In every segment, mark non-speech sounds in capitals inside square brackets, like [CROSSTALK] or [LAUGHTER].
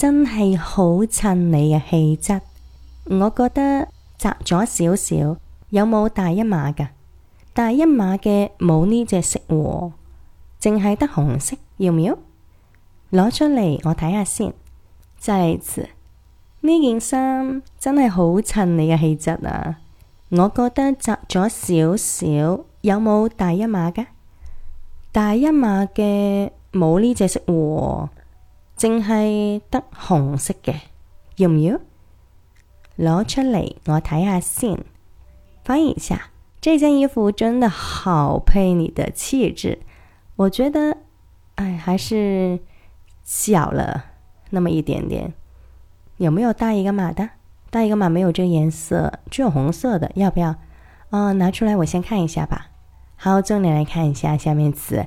真係好襯你嘅氣質，我覺得窄咗少少，有冇大一碼噶？大一碼嘅冇呢隻色，淨係得紅色，要唔要？攞出嚟我睇下先，即係，呢件衫真係好襯你嘅氣質啊！我覺得窄咗少少，有冇大一碼噶？大一碼嘅冇呢隻色。淨係得紅色嘅，要唔要？攞出嚟我睇下先。翻譯一下。這件衣服真的好配你的氣質，我覺得，唉、哎，還是小了那麼一點點。有沒有大一個碼的？大一個碼沒有，這個顏色只有紅色的，要不要？哦，拿出來我先看一下吧。好，重點來看一下下面詞。.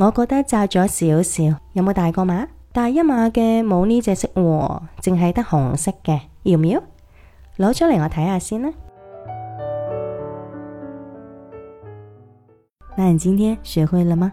我覺得窄咗少少，有冇大過碼？大一碼嘅冇呢隻色喎，淨係得紅色嘅。要唔要？攞出嚟我睇下先啦。那你 [MUSIC] 今天學會了嗎？